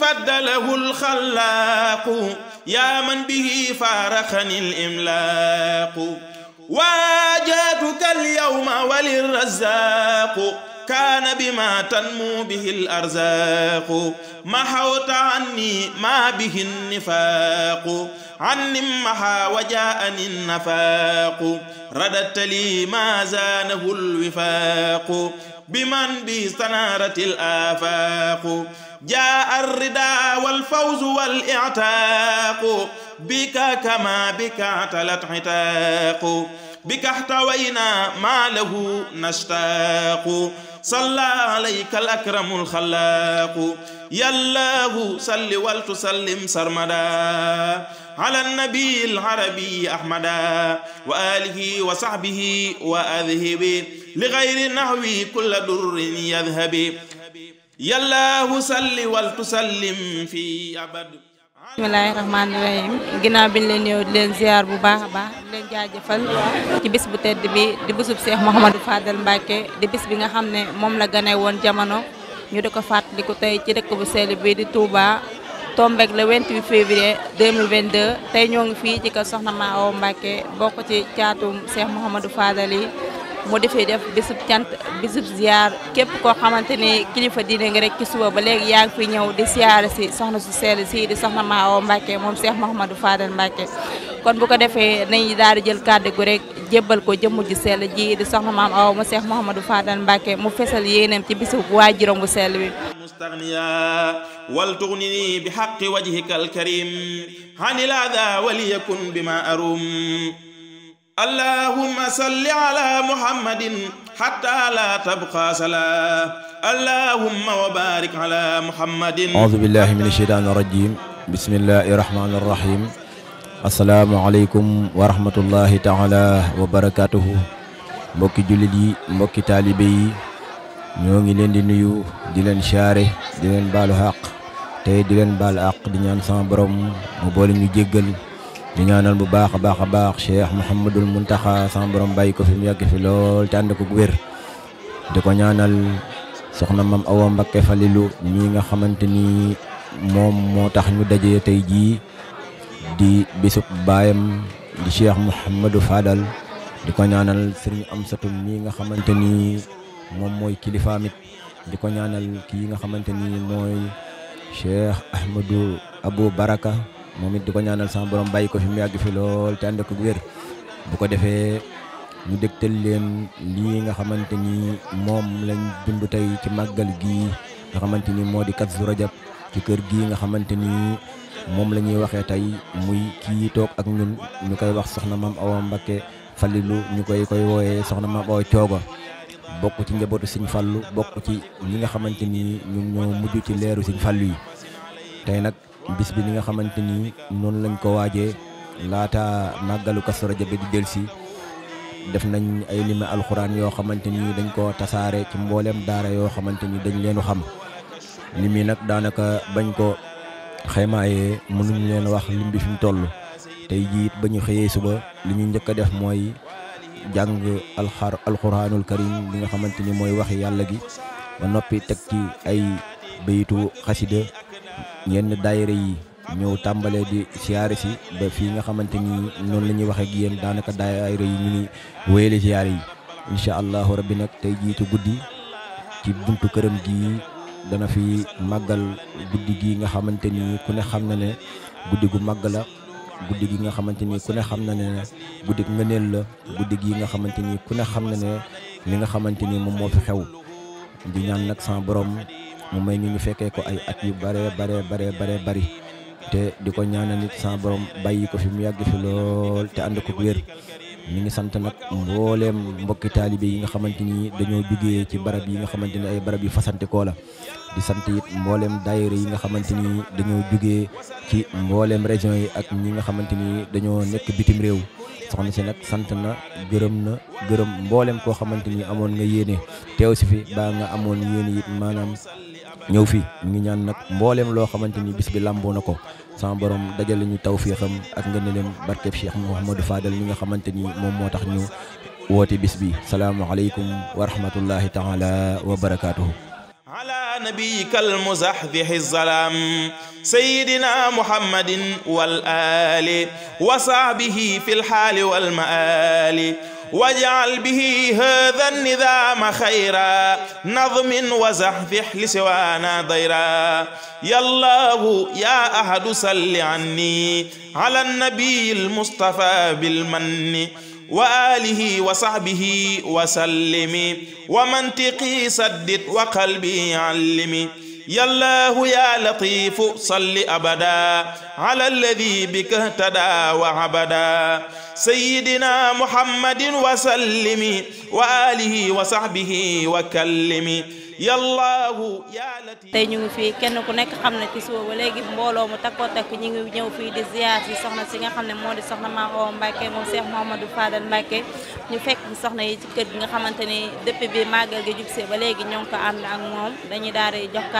faddalahu alxalaaqu yaa man bihi faaraxani alimlaaqu waajaatuka alyawma walirrazaaqu kaana bimaa tanmu bihi alarzaqu mahawta anni maa bihi nnifaaqu anni maha wajaani nnafaaqu radatta li maa zaanahu alwifaaqu biman bi sanaarati alafaaqu jaa arrida walfawzu wal i'taaqu bika kama bika talat xitaaqu bika xtawaynaa maa lahu nashtaaqu salla alayka al akramu alxalaaqu yallaahu salli wal tusallim sarmada ala annabi alarabi ahmada wa alihi wa sahbihi wa adhibi li gayri nahwi kulla durrin yadhabi yàllaahu salli wal tusallim fi abad bismillahi rahmaani rahim ginnaaw biñ leen ñëw di leen ziar bu baax baax di jaajëfal ci bis bu tedd bi di bisub Cheikh Mouhamadou Fadel Mbacké di bis bi nga xam ne moom la gane woon jamono ñu di ko fàttaliku tey ci dëkk bu sell bi di Touba tombeeg le 28 février 2022 tey ñoo ngi fii ci kër Soxna Maa Awa Mbacké bokk ci caatu Cheikh Mouhamadou Fadel yi moo defee def bésub cant bésub ziar képp koo xamante ne kilifa diine nga rek ci suba ba léegi yaa ngi fi ñëw di ziar si soxna su seel si di soxna Maawo Mbacke moom Cheikh Mouhamadou Fadel Mbacke kon bu ko defee nañ daal di jël kàddu gu rek jébbal ko jëmm ji sell ji di soxna maam Awa mu Cheikh Mouhamadou Fadel Mbacke mu fesal yéenam ci bésub waajuram bu sell bi مستغنيا ولتغنني بحق وجهك الكريم عن الأذى وليكن بما allahumma salli ala muhammadin hatta la tabqa sala allahumma wa barik ala muhammadin a'udhu billahi minash shaitanir rajim bismillahir rahmanir rahim assalaamu aleykum wa rahmatullahi taala wa barakatuhu mbokki jullit yi mbokki taalibe yi ñoo ngi leen di nuyu di leen siyaare di leen baalu àq tey di leen baal àq di ñaan sama borom mu boole ñu jéggal di ñaanal bu baax a baax a baax Cheikh Mouhamadul Mountakha sama borom bàyyi ko fi mu yàgg fi lool te ànd ko wér di ko ñaanal soxna mam Awa Mbakke Falilu ñi nga xamante ni moom moo tax ñu daje tey jii di bisub baayam di Cheikh Mouhamadou Fadal di ko ñaanal sëriñ Amsatou mi nga xamante ni moom mooy kilifaam it di ko ñaanal kii nga xamante ni mooy Cheikh Ahmadou Abou Baraka. moom it di ko ñaanal sama borom bàyyi ko fi mu yàgg fi lool te ànd ko wér bu ko defee ñu dégtal leen lii nga xamante ni moom lañ dund tey ci màggal gii nga xamante ni moo di Kazu Rajab ci kër gii nga xamante ni moom la ñuy waxee tey muy kii toog ak ñun ñu koy wax soxna maam Awa Mbakke Falilu ñu koy koy wooyee soxna maam Awa Coogo bokk ci njabootu siñ Fallu bokk ci ñi nga xamante ni ñoo mujj ci leeru Sëñ Fallu yi nag bis bi ni nga xamante ni noonu lañ ko waaje laata màggalu Kazu Rajab bi di delsi def nañ ay limi alxuraan yoo xamante ni dañ ko tasaare ci mbooleem daara yoo xamante ni dañ leenu xam lim yi nag daanaka bañ ko xaymaayee mënuñ leen wax lim bi fi mu toll tey jiit ba ñu xëyee suba li ñu njëkk a def mooy jàng alxar alxuraanul karim bi nga xamante ni mooy waxi yàlla gi ba noppi teg ci ay bayitu xasida yenn daayira yi ñëw tàmbalee di siyaare si ba fii nga xamante ni noonu la ñuy wax ak daanaka daayira yi ñu ngi wéyale siyaare yi incha allahu rabbi nag tey jiitu guddi ci buntu këram gii dana fi màggal guddi gi nga xamante ni ku ne xam na ne guddi gu màgg la guddi gi nga xamante ni ku xam na ne guddi ngëneel la guddi gi nga xamante ni ku ne xam na ne li nga xamante ni moom moo fi xew di ñaan nag sama borom. mu may ñu ngi fekkee ko ay at yu bare bare bare bare bari te di ko ñaanal nit sa borom bàyyi ko fi mu yàgg fi lool te ànd ko wér mi ngi sant nag mbooleem mbokki taalibe yi nga xamante ni dañoo jugee ci barab yi nga xamante ni ay barab yu fasante la di sant it mbooleem daayira yi nga xamante ni dañoo jugee ci mbooleem région yi ak ñi nga xamante ni dañoo nekk bitim réew soxna si nag sant na gërëm na gërëm mbooleem koo xamante ni amoon nga yéene teew si fi baa nga amoon yéene it maanaam ñëw fi ñu ngi ñaan nag loo xamante ni bis bi làmboo na ko sama borom dajale ñu tawféexam ak ngëneelam barkeb Cheikh Mouhamadou Fadel mi nga xamante ni moom moo tax ñu woote bis bi salaamualeykum wa rahmatullahi taala wa barakaatuhu ala nabiyika almuzahzihi salaam sayyidina muhammadin wal aali wa sahbihi fil haali wal maali واجعل به هذا النظام خيرا نظم وزحف لسوانا ضيرا يا الله يا أحد صل عني على النبي المصطفى بالمن وآله وصحبه وسلم ومنطقي سدد وقلبي علم yallaahu ya latifu salli abada ala alladi bika tada wa abada sayyidina muhammadin wa sallimi wa alihi wa sahbihi wa kallimi tey ñu ngi fii kenn ku nekk xam na ci suba ba léegi mbooloo mu takkoo takk ñu ngi ñëw fii di ziar soxna si nga xam ne moo di soxna Maam Awa Mbacke moom Cheikh Mouhamadou Fadal Mbacke fekk soxna yi ci kër gi nga xamante ni depuis bi màggal gi jubsee ba léegi ñoo ngi dañuy daal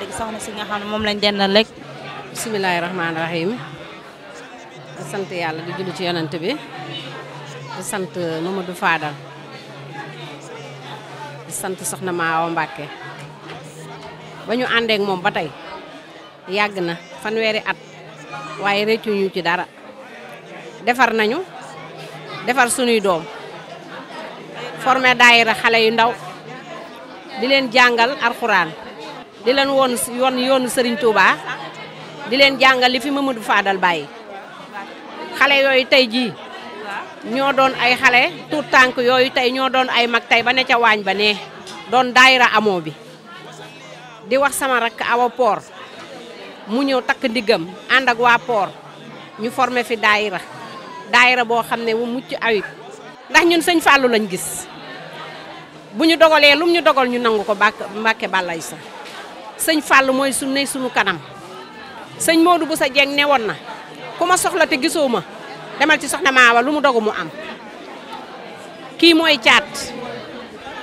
di gi soxna si nga xam ne moom lañ dendal rek bisimilahi rahmaani rahim sant yàlla di julli ci yonent bi sant Mamadou Fadal sant soxna Maam Awa Mbacke bañu ñu moom ba tey yàgg na fanweeri at waaye réccu ñu ci dara defar nañu defar sunuy doom formé daayira xale yu ndaw di leen jàngal alxuraan di leen woon yoon yoonu Serigne Touba di leen jàngal li fi Mamadou Fadal bàyyi xale yooyu tey jii ñoo doon ay xale tuut tànk yooyu tey ñoo doon ay mag tey ba ne ca waañ ba ne doon daayira amoo bi di wax sama rakk awopoor port mu ñëw takk ndiggam ànd waa port ñu forme fi daayira daayira boo xam ne wu mucc ayib ndax ñun sëñ Fallou lañ gis bu ñu dogalee lum ñu dogal ñu nangu ko Mbàkke bàllay sa sëñ Fallou mooy su ne kanam sëñ Modou bu sa jeeg ne woon na ku ma soxla te gisoo ma demal ci soxna Maawa lu mu dogu mu am kii mooy caat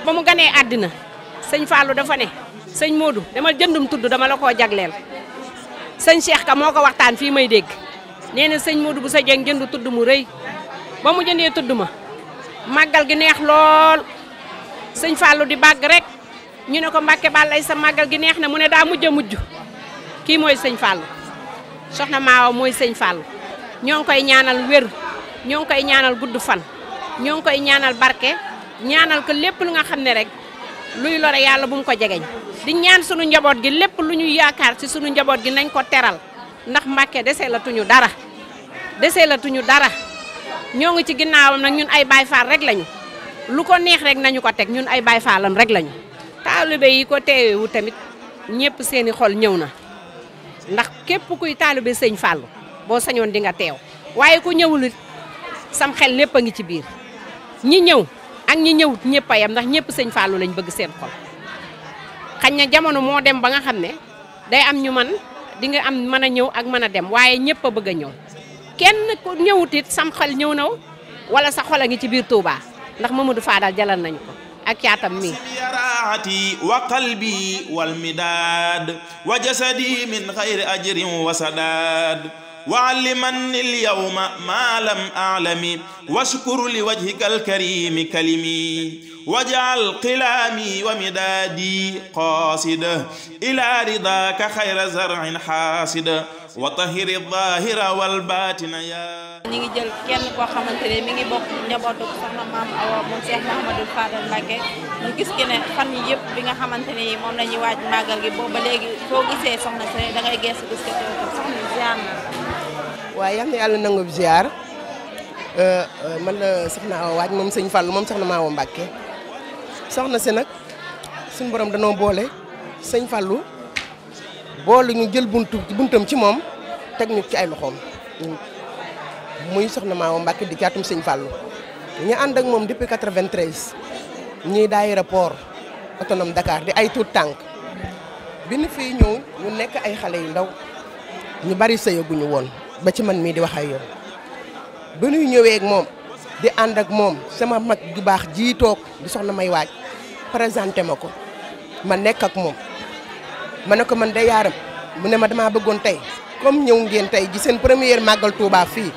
ba mu ganee àddina sëñ Fallou dafa ne sëñ Modou dama jëndum tudd dama la koo jagleel sëñ Cheikh ka moo ko waxtaan fii may dégg neene sëñ Modou bu sa jeng jëndu tudd mu rëy ba mu jëndee tudd ma màggal gi neex lool sëñ Fallou di bàgg rek ñu ne ko Mbàkke Bàllay sa màggal gi neex na mu ne daa mujj a mujj kii mooy sëñ Fallou soxna Maawa mooy sëñ Fallou ñoo ngi koy ñaanal wér ñoo ngi koy ñaanal gudd fan ñoo ngi koy ñaanal barke ñaanal ko lépp lu nga xam ne rek luy lore yàlla bu mu ko jegeñ di ñaan sunu njaboot gi lépp lu ñu yaakaar ci sunu njaboot gi nañ ko teral ndax Mbàkke desee la dara desee la dara ñoo ngi ci ginnaawam nag ñun ay Baay Faal rek lañu lu ko neex rek nañu ko teg ñun ay Baay Faalam rek lañu taalibe yi ko teewewu tamit ñëpp seeni xol ñëw na ndax képp kuy taalibe sëñ Fàllu boo sañoon di nga teew waaye ku ñëwul sam xel lépp a ngi ci biir ñi ñëw ak ñi ñëwut ñëpp a yem ndax ñëpp sëñ Fallou lañ bëgg seen xol xañ na jamono moo dem ba nga xam ne day am ñu man di nga am mën a ñëw ak mën a dem waaye ñëpp a bëgg a ñëw kenn ku sam xel ñëw naw wala sa xol a ngi ci biir Touba ndax Mamadou Fadal jalal nañu ko ak yaatam mi ziyarati wa qalbi wal midaad wa jasadi min xayri ajrin wa sadaad وعلمني اليوم ما لم أعلم واشكر لوجهك الكريم كلمي واجعل قلامي ومدادي قاصدة إلى رضاك خير زرع حاصد وطهر الظاهر والباطن يا ñu ngi jël kenn koo xamante ne mi ngi bokk njabootu soxna maam Awa moom Cheikh Mahamadou Fadal Mbacke ñu gis ki ne fan yi yëpp bi nga xamante ne moom la ñuy waaj màggal gi boobu ba léegi soo gisee soxna si da ngay gees gis ko soxna si waaye yal na yàlla nangu ziar euh, euh, man la soxna Awa Waaj moom sëñ Fallou moom soxna Maawa Mbàkke soxna si nag suñu borom danoo boole sëñ Fallou boole ñu jël buntu buntam ci moom teg ñu ci ay loxoom muy na Maawa Mbàkke di caatum sëñ Fallou ñu ànd ak moom depuis 93 ñuy daay port autonome dakaar di ay tout tànk bi ñu fiy ñëw ñu nekk ay xale yu ndaw ñu bari sëyaguñu woon ba ci man mii di wax ak yow ba ñuy ñëwee moom di ànd ak moom sama mag ju baax jii toog di soxna may waaj présenté ma ko ma nekk ak moom ma ne ko man de yaaram mu ne ma damaa bëggoon tey comme ñëw ngeen tey ji seen première màggal Touba fii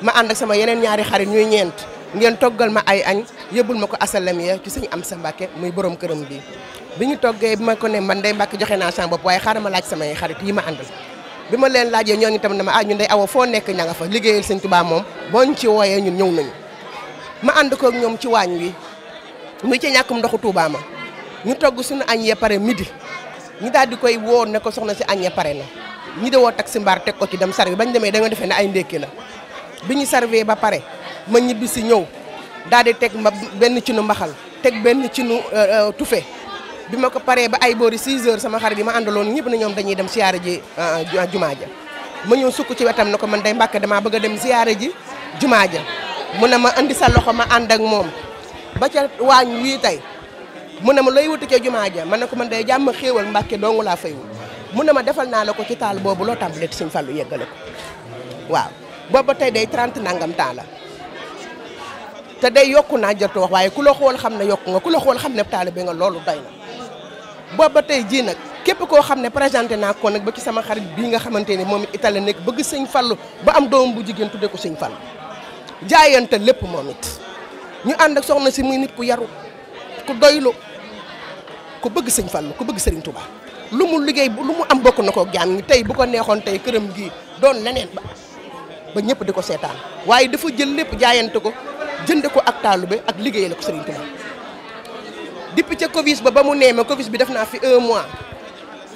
ma ànd ak sama yeneen ñaari xarit ñuy ñeent ngeen toggal ma ay añ yëbbul ma ko asalam ya ci sëñ am sa Mbàkke muy borom këram bii bi ñu toggee bi ma ko ne man day Mbàkke joxe naa sama bopp waaye xaaral ma laaj samay xarit yi ma àndal bi ma leen laajee ñooñu tamit ma ah ñun day awa foo nekk ña nga fa liggéeyal sëñ Tuubaa moom boo ñu ci wooyee ñun ñëw nañu ma ànd kook ñoom ci waañ wi muy ci ñàkkum ndoxu Tuubaa ma ñu togg suñu añ yee pare midi ñu daal di koy woo ne ko soxna si añ ya pare na ñi dawoo taxi mbaar teg ko ci dem sarwi bañ demee da nga defee ne ay ndékki la bi ñu sarwee ba pare ma ñibbi si ñëw daal di teg ma benn ci nu mbaxal teg benn ci nu euh, euh, tufe bi ma ko paree ba ay boori 6 heures sama xarit yi ma àndaloon ñëpp na ñoom dañuy dem siyaare ji ah, ah, jumaa ja ma ñëw sukk ci wetam na ko man day mbakke damaa bëgg a dem siyaare ji jumaa ja mu ne ma andi sa loxo ma ànd ak moom ba ca waañ wii tey mu ne ma looy wuti ca jumaa ja ma ne ko man day jàmm xéewal mbàkke dong laa fay wut mu ne ma defal naa la ko ci taal boobu loo tàmbalee suñ fàllu yeggale ko waaw booba tey day 30 nangam temps la te day yokku naa jot wax ku la xool xam ne yokku nga ku la xool xam ne taalibe nga loolu doy na boobu ba tey jii nag képp koo xam ne présenté naa ko nag ba ci sama xarit bii nga xamante ne moom it Italie nekk bëgg sëñ Fallu ba am doom bu jigéen tudde ko sëñ Fallu jaayante lépp moom it ñu ànd ak soxna si muy nit ku yaru ku doylu ku bëgg sëñ Fallu ku bëgg sëriñ Touba lu mu liggéey lu mu am bokk na ko gaan ñi tey bu ko neexoon tey këram gii doon leneen ba ba ñëpp di ko seetaan waaye dafa jël lépp jaayante ko jënd ko ak bi ak liggéeyal ko sëriñ depuis ca Covid ba ba mu nee ma Covid bi def naa fi un mois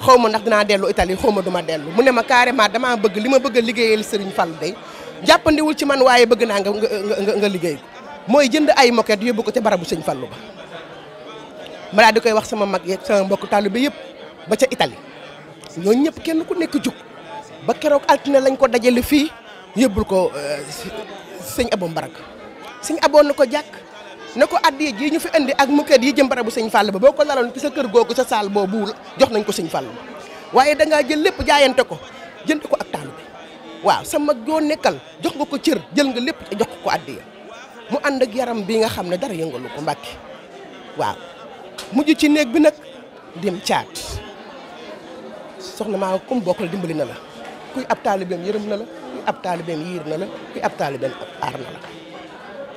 xaw ma ndax dinaa dellu Italie xaw ma duma dellu mu ne ma carrément damaa bëgg li ma bëgg a liggéeyal Serigne Fall day jàppandiwul ci man waaye bëgg naa nga nga nga liggéey mooy jënd ay moquette yóbbu ko ca barabu Serigne Fallu ba ma daal di koy wax sama mag yeeg sama mbokk taalibe yëpp ba ca Italie ñooñu ñëpp kenn ku nekk jug ba keroog altine lañ ko dajale fii yóbbul ko euh, sëñ Abo Mbarak sëñ aboon na ko jàkk ne ko addiya ji ñu fi indi ak mukket yi jëm barabu sëñ Fall ba boo ko laloon ci sa kër googu sa saal boobu jox nañ ko sëñ Fall waaye dangaa jël lépp jaayante ko jënd ko ak taalu waaw sama joo nekkal jox nga ko cër jël nga lépp jox ko addiya mu ànd ak yaram bi nga xam ne dara yëngalu ko mbàkki waaw mujj ci néeg bi nag dem caat soxna maa kum bokkal dimbali na la kuy ab taalibeem yërëm na la kuy ab taalibeem yiir la kuy ab taalibeem aar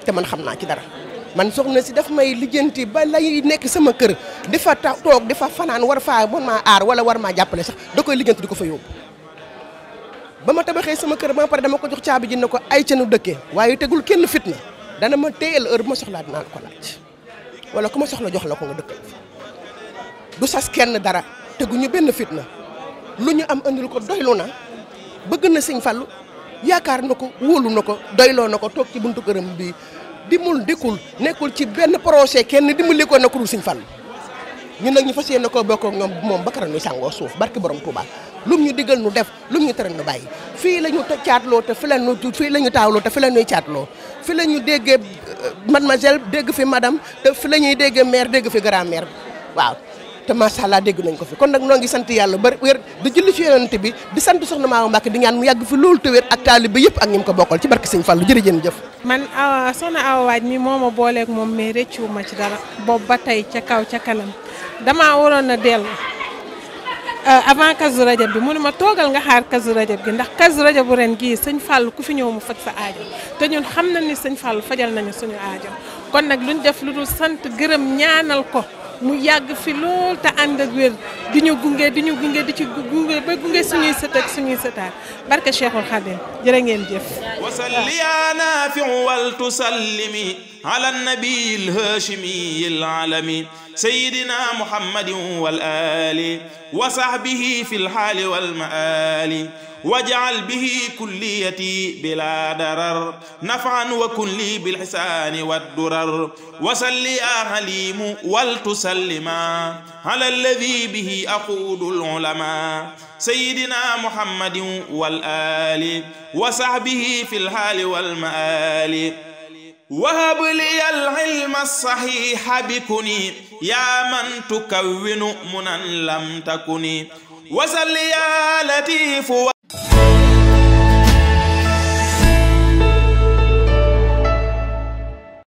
te man xam naa ci dara man soxna si daf may lijjanti ba lay nekk sama kër di fa ta toog di fa fanaan war fa ma maa aar wala war maa jàppale sax da koy lijjanti di ko fa yóbbu ba ma tabaxee sama kër ba pare dama ko jox caabi ji ne ko ay canu dëkke waaye tegul kenn fitna dana ma téyel heure bu ma soxlaa dinaa la ko laaj wala ku ma soxla jox la ko nga dëkkal du sas kenn dara teguñu benn fitna lu ñu am andil ko doylu na bëgg na sëñ Fallu yaakaar na ko wóolu na ko doyloo na ko toog ci buntu këram bi dimbal dikkul nekkul ci benn projet kenn dimbali ko nekkul Sëñ Fallu ñun nag ñu fas yéene koo bokk ak ñoom moom ba keroog ñu sàngoo suuf barki borom Touba lum ñu diggal nu def lum ñu tere nu bàyyi fii la ñu caatloo te fi la ñu fii la ñu taawloo te fi la ñuy caatloo fi la ñu déggee euh, mademoiselle dégg fi madame te fi la ñuy déggee mère dégg fi grand-mère waaw te macha allah dégg nañ ko fi kon nag noo ngi sant yàlla bari wér di julli ci yonent bi di sant soxna Maama Mbacke di ñaan mu yàgg fi loolu te wér ak taalibe yëpp ak ñi ko bokkal ci barke Sëñ Fallu jërëjën jëf man awa ah, soxna Awa Waaj mi moo ma booleek moom mais rëccu ma ci dara boobu ba tey ca kaw ca kanam damaa waroon a dellu ah, avant kazu rajab bi mu ne ma toogal nga xaar kazu rajab bi ndax kazu rajab bu ren gii sëñ fàllu ku fi ñëw mu faj sa aajo te ñun xam na ni sëñ Fall fajal nañu suñu aajo kon nag luñ def lu dul sant gërëm ñaanal ko mu yàgg fi lool te ànd ak wér di ñu gunge di ñu gunge di ci gunge ba gunge suñuy sët ak suñuy sëtaat barke Cheikhul Khadim jërë ngeen jef wasalli ya nafiu wal tusallimi ala nabi al hashimi al alami سيدنا محمد والآل وصحبه في الحال والمآل واجعل به كليتي بلا درر نفعا وكن لي بالحسان والدرر وسل يا حليم ولتسلما على الذي به أقود العلماء سيدنا محمد والآل وصحبه في الحال والمآل wahab liya al-ilma as-sahiha bikuni ya man tukawwinu munan lam takuni wasal ya latifu